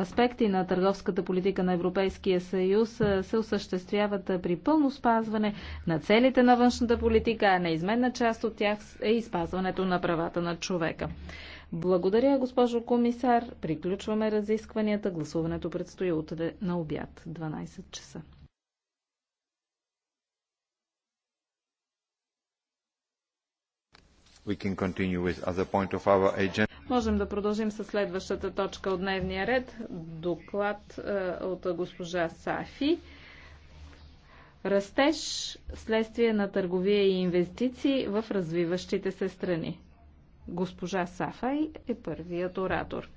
аспекти на търговската политика на Европейския съюз се осъществяват при пълно спазване на целите на външната политика, а неизменна част от тях е и спазването на правата на човека. Благодаря, госпожо комисар. Приключваме разискванията. Гласуването предстои утре на обяд, 12 часа. Можем да продължим с следващата точка от дневния ред. Доклад е, от госпожа Сафи. Растеж следствие на търговия и инвестиции в развиващите се страни. Госпожа Сафай е първият оратор.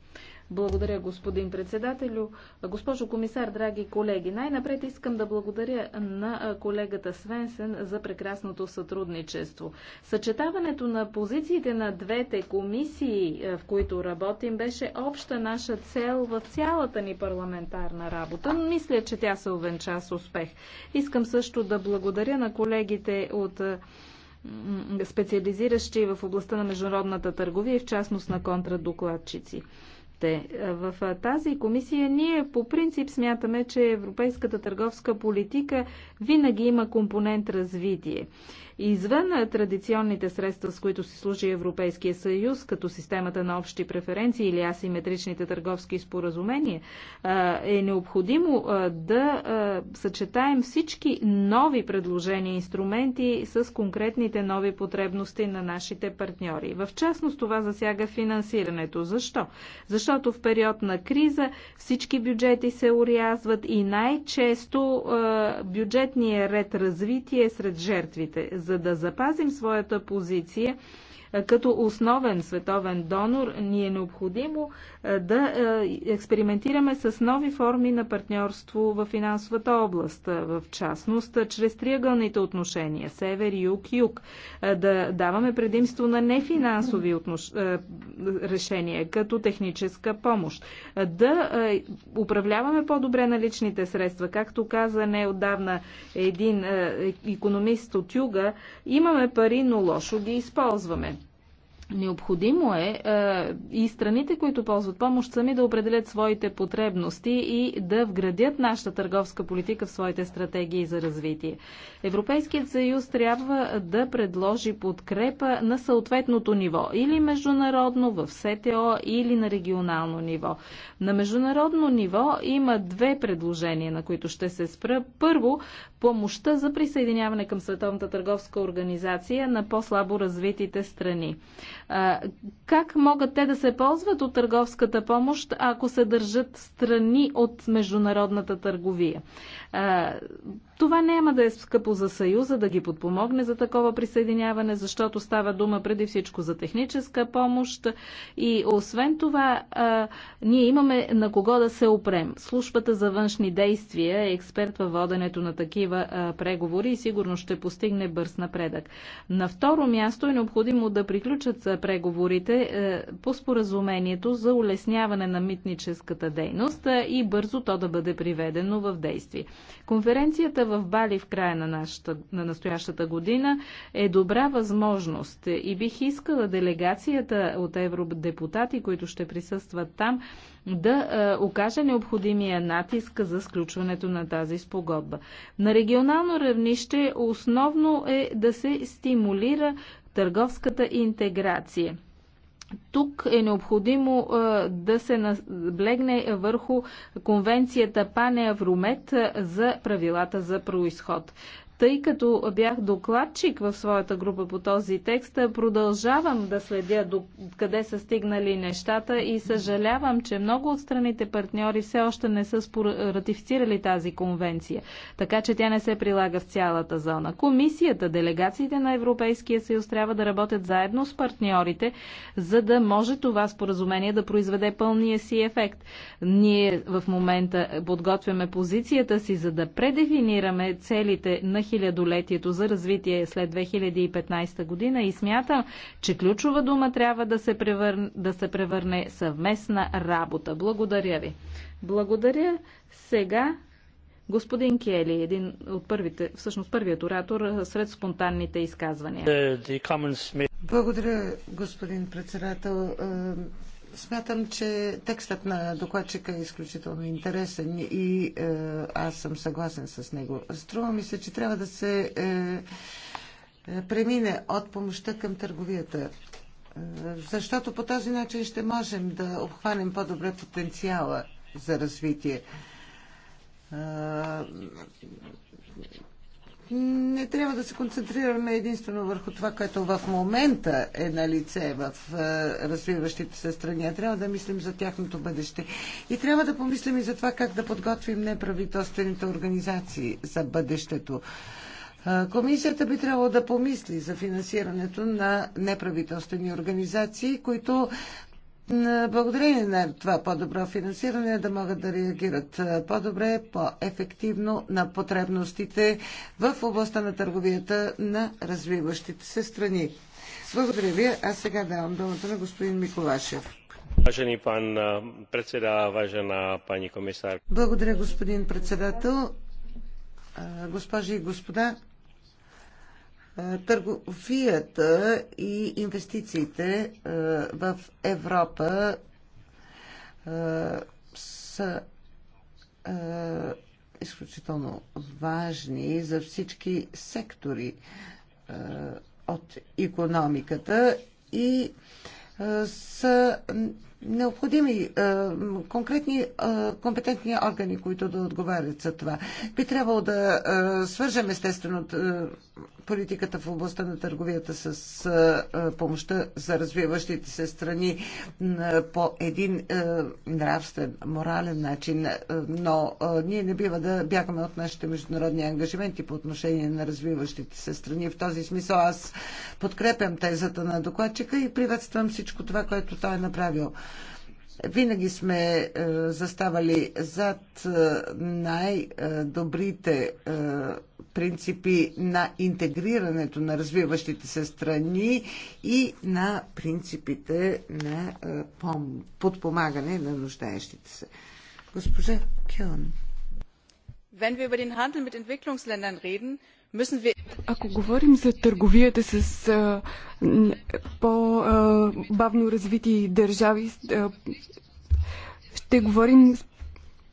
Благодаря, господин председателю. Госпожо комисар, драги колеги, най-напред искам да благодаря на колегата Свенсен за прекрасното сътрудничество. Съчетаването на позициите на двете комисии, е, в които работим, беше обща наша цел в цялата ни парламентарна работа. Мисля, че тя се увенча с успех. Искам също да благодаря на колегите от е, специализиращи в областта на международната търговия и в частност на контрадокладчици казахте. В тази комисия ние по принцип смятаме, че европейската търговска политика винаги има компонент развитие. Извън традиционните средства, с които се служи Европейския съюз, като системата на общи преференции или асиметричните търговски споразумения, е необходимо да съчетаем всички нови предложения и инструменти с конкретните нови потребности на нашите партньори. В частност това засяга финансирането. Защо? Защото в период на криза всички бюджети се урязват и най-често бюджетният ред развитие е сред жертвите за да запазим своята позиция, като основен световен донор ни е необходимо е, да е, експериментираме с нови форми на партньорство в финансовата област, е, в частност чрез триъгълните отношения север, юг, юг, да даваме предимство на нефинансови отнош... решения, като техническа помощ, да управляваме по-добре наличните средства, както каза неодавна един економист от юга, имаме пари, но лошо ги използваме. Необходимо е, е и страните, които ползват помощ, сами да определят своите потребности и да вградят нашата търговска политика в своите стратегии за развитие. Европейският съюз трябва да предложи подкрепа на съответното ниво, или международно, в СТО, или на регионално ниво. На международно ниво има две предложения, на които ще се спра. Първо, помощта за присъединяване към Световната търговска организация на по-слабо развитите страни. Как могат те да се ползват от търговската помощ, ако се държат страни от международната търговия? Това няма да е скъпо за Съюза да ги подпомогне за такова присъединяване, защото става дума преди всичко за техническа помощ и освен това ние имаме на кого да се опрем. Службата за външни действия е експерт във воденето на такива преговори и сигурно ще постигне бърз напредък. На второ място е необходимо да приключат преговорите е, по споразумението за улесняване на митническата дейност е, и бързо то да бъде приведено в действие. Конференцията в Бали в края на, нашата, на настоящата година е добра възможност е, и бих искала делегацията от евродепутати, които ще присъстват там, да е, окаже необходимия натиск за сключването на тази спогодба. На регионално равнище основно е да се стимулира търговската интеграция. Тук е необходимо е, да се наблегне върху конвенцията Аврумет е, за правилата за происход. Тъй като бях докладчик в своята група по този текст, продължавам да следя до къде са стигнали нещата и съжалявам, че много от страните партньори все още не са ратифицирали тази конвенция, така че тя не се прилага в цялата зона. Комисията, делегациите на Европейския съюз трябва да работят заедно с партньорите, за да може това споразумение да произведе пълния си ефект. Ние в момента подготвяме позицията си, за да предефинираме целите на хилядолетието за развитие след 2015 година и смятам, че ключова дума трябва да се превърне, да се превърне съвместна работа. Благодаря ви. Благодаря. Сега Господин Кели, един от първите, всъщност първият оратор сред спонтанните изказвания. Благодаря, господин председател. Е, смятам, че текстът на докладчика е изключително интересен и е, аз съм съгласен с него. Струва ми се, че трябва да се е, е, премине от помощта към търговията, е, защото по този начин ще можем да обхванем по-добре потенциала за развитие не трябва да се концентрираме единствено върху това, което в момента е на лице в развиващите се страни, а трябва да мислим за тяхното бъдеще. И трябва да помислим и за това как да подготвим неправителствените организации за бъдещето. Комисията би трябвало да помисли за финансирането на неправителствени организации, които благодарение на това по-добро финансиране да могат да реагират по-добре, по-ефективно на потребностите в областта на търговията на развиващите се страни. Благодаря ви. А сега давам думата на господин Миколашев. Важени пан председа, важена пани комисар. Благодаря, господин председател. Госпожи и господа, Търговията и инвестициите в Европа са изключително важни за всички сектори от економиката и са необходими е, конкретни е, компетентни органи, които да отговарят за това. Би трябвало да е, свържем естествено политиката в областта на търговията с помощта за развиващите се страни по един нравствен, морален начин, но ние не бива да бягаме от нашите международни ангажименти по отношение на развиващите се страни. В този смисъл аз подкрепям тезата на докладчика и приветствам всичко това, което той е направил. Винаги сме е, заставали зад е, най-добрите е, принципи на интегрирането на развиващите се страни и на принципите на подпомагане на нуждаещите се. Госпожа Кьон. Wenn wir über den Handel mit Entwicklungsländern reden, ако говорим за търговията с а, по-бавно развити държави, а, ще говорим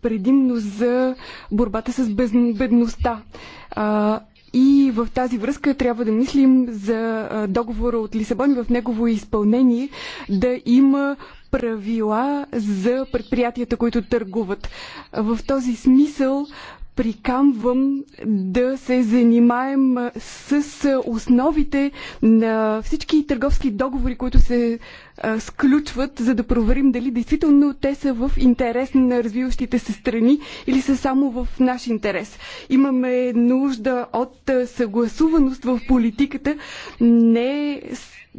предимно за борбата с бедността. А, и в тази връзка трябва да мислим за договора от Лисабон в негово изпълнение да има правила за предприятията, които търгуват. В този смисъл приканвам да се занимаем с основите на всички търговски договори, които се сключват, за да проверим дали действително те са в интерес на развиващите се страни или са само в наш интерес. Имаме нужда от съгласуваност в политиката, не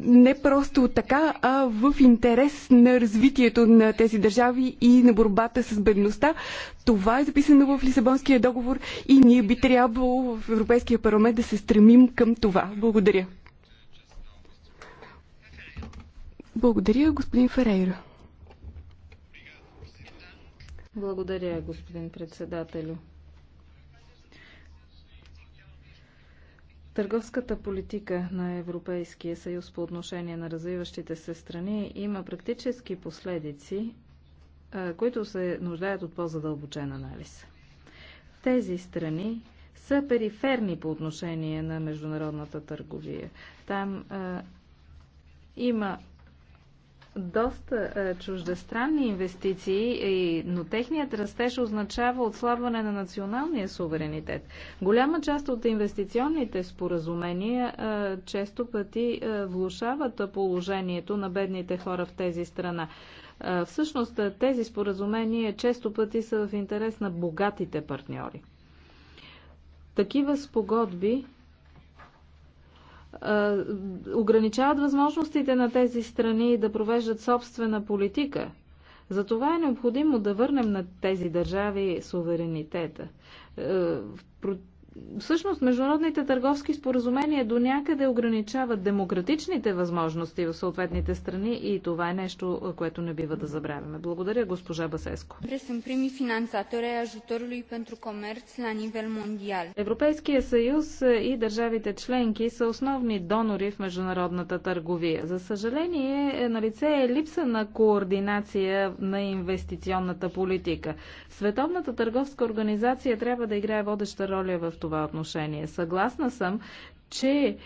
не просто така, а в интерес на развитието на тези държави и на борбата с бедността. Това е записано в Лисабонския договор и ние би трябвало в Европейския парламент да се стремим към това. Благодаря. Благодаря, господин Ферейро. Благодаря, господин председателю. Търговската политика на Европейския съюз по отношение на развиващите се страни има практически последици, които се нуждаят от по-задълбочен анализ. Тези страни са периферни по отношение на международната търговия. Там а, има доста е, чуждестранни инвестиции, е, и, но техният растеж означава отслабване на националния суверенитет. Голяма част от инвестиционните споразумения е, често пъти е, влушават положението на бедните хора в тези страна. Е, всъщност е, тези споразумения често пъти са в интерес на богатите партньори. Такива спогодби ограничават възможностите на тези страни да провеждат собствена политика. Затова е необходимо да върнем на тези държави суверенитета. Е, в всъщност международните търговски споразумения до някъде ограничават демократичните възможности в съответните страни и това е нещо, което не бива да забравяме. Благодаря, госпожа Басеско. Европейския съюз и държавите членки са основни донори в международната търговия. За съжаление, е на лице е липса на координация на инвестиционната политика. Световната търговска организация трябва да играе водеща роля в това това отношение. Съгласна съм, че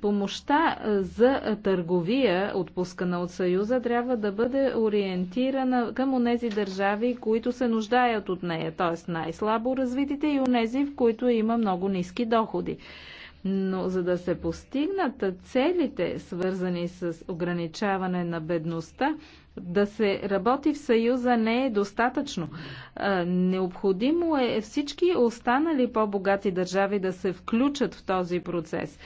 помощта за търговия, отпускана от Съюза, трябва да бъде ориентирана към онези държави, които се нуждаят от нея, т.е. най-слабо развитите и онези, в които има много ниски доходи. Но за да се постигнат целите, свързани с ограничаване на бедността, да се работи в Съюза не е достатъчно. Необходимо е всички останали по-богати държави да се включат в този процес.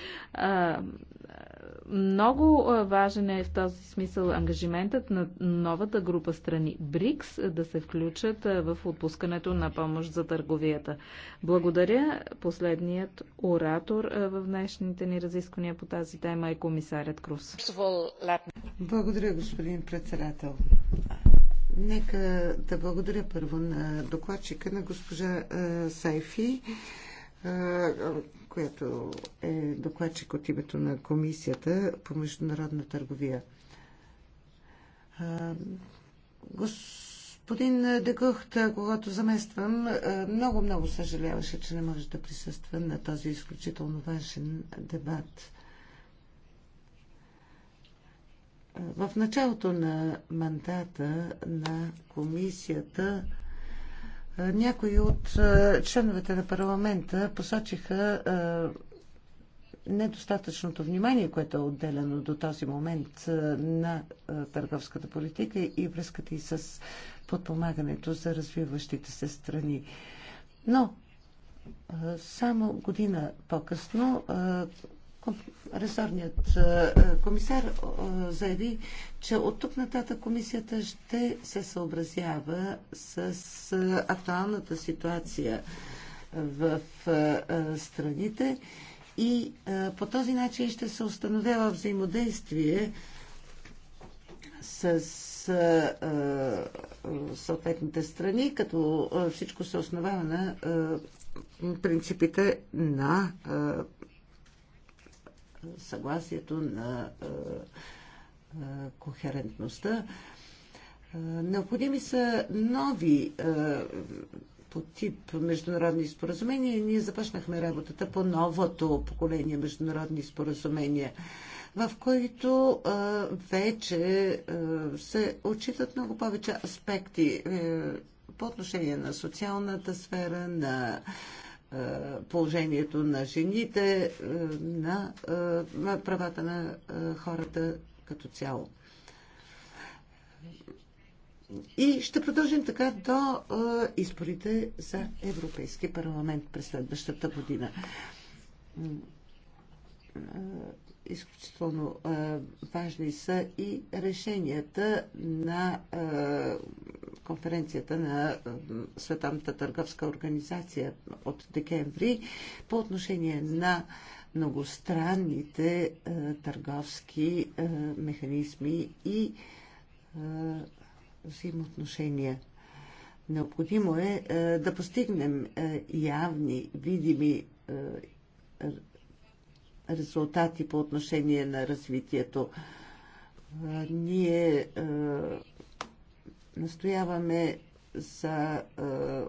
Много важен е в този смисъл ангажиментът на новата група страни БРИКС да се включат в отпускането на помощ за търговията. Благодаря. Последният оратор в днешните ни разисквания по тази тема е комисарят Крус. Благодаря, господин председател. Нека да благодаря първо на докладчика на госпожа Сайфи която е докладчик от името на Комисията по международна търговия. Господин Декухт, когато замествам, много-много съжаляваше, че не може да присъства на този изключително важен дебат. В началото на мандата на комисията някои от е, членовете на парламента посочиха е, недостатъчното внимание, което е отделено до този момент е, на търговската политика и връзката и с подпомагането за развиващите се страни. Но само година по-късно Ресорният е, е, комисар е, заяви, че от тук нататък комисията ще се съобразява с актуалната ситуация в страните и по този начин ще се установява взаимодействие с съответните страни, като всичко се основава на принципите на съгласието, на кохерентността. Необходими са нови по тип международни споразумения. Ние започнахме работата по новото поколение международни споразумения, в които вече се отчитат много повече аспекти е, по отношение на социалната сфера, на е, положението на жените, е, е, на правата на хората като цяло. И ще продължим така до изборите за Европейски парламент през следващата година Изключително важни са и решенията на конференцията на Световната търговска организация от декември по отношение на многостранните търговски механизми и взаимоотношения. Необходимо е да постигнем явни, видими резултати по отношение на развитието. Ние настояваме за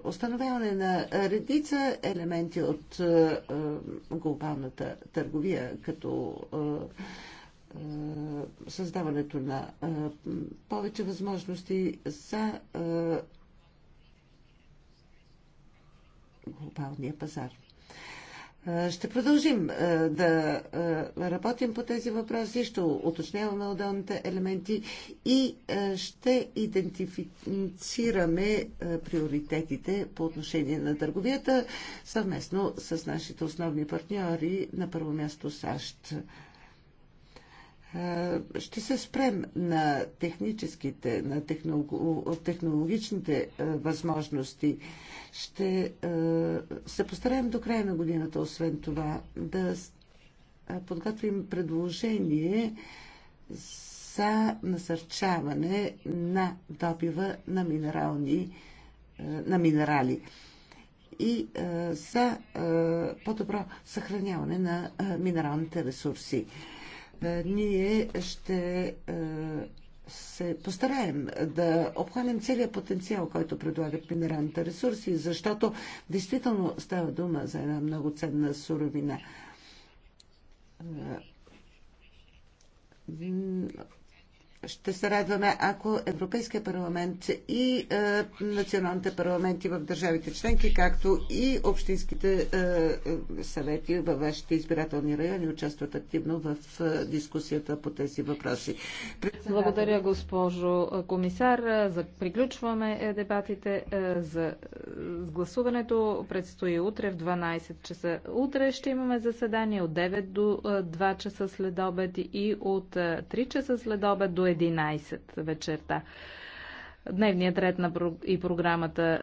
установяване на редица елементи от глобалната търговия, като създаването на повече възможности за глобалния пазар. Ще продължим да работим по тези въпроси, ще уточняваме отделните елементи и ще идентифицираме приоритетите по отношение на търговията съвместно с нашите основни партньори, на първо място САЩ. Ще се спрем на техническите, на технологичните възможности. Ще се постараем до края на годината, освен това, да подготвим предложение за насърчаване на добива на минерални на минерали и за по-добро съхраняване на минералните ресурси. Е, ние ще е, се постараем да обхванем целият потенциал, който предлагат минералните ресурси, защото действително става дума за една много ценна суровина е, ще се радваме, ако Европейския парламент и е, националните парламенти в държавите членки, както и общинските е, е, съвети във вашите избирателни райони участват активно в е, дискусията по тези въпроси. Председател... Благодаря, госпожо комисар. За... Приключваме е, дебатите е, за гласуването. Предстои утре в 12 часа. Утре ще имаме заседание от 9 до 2 часа след обед и от 3 часа след обед до 11 вечерта. Дневният ред на и програмата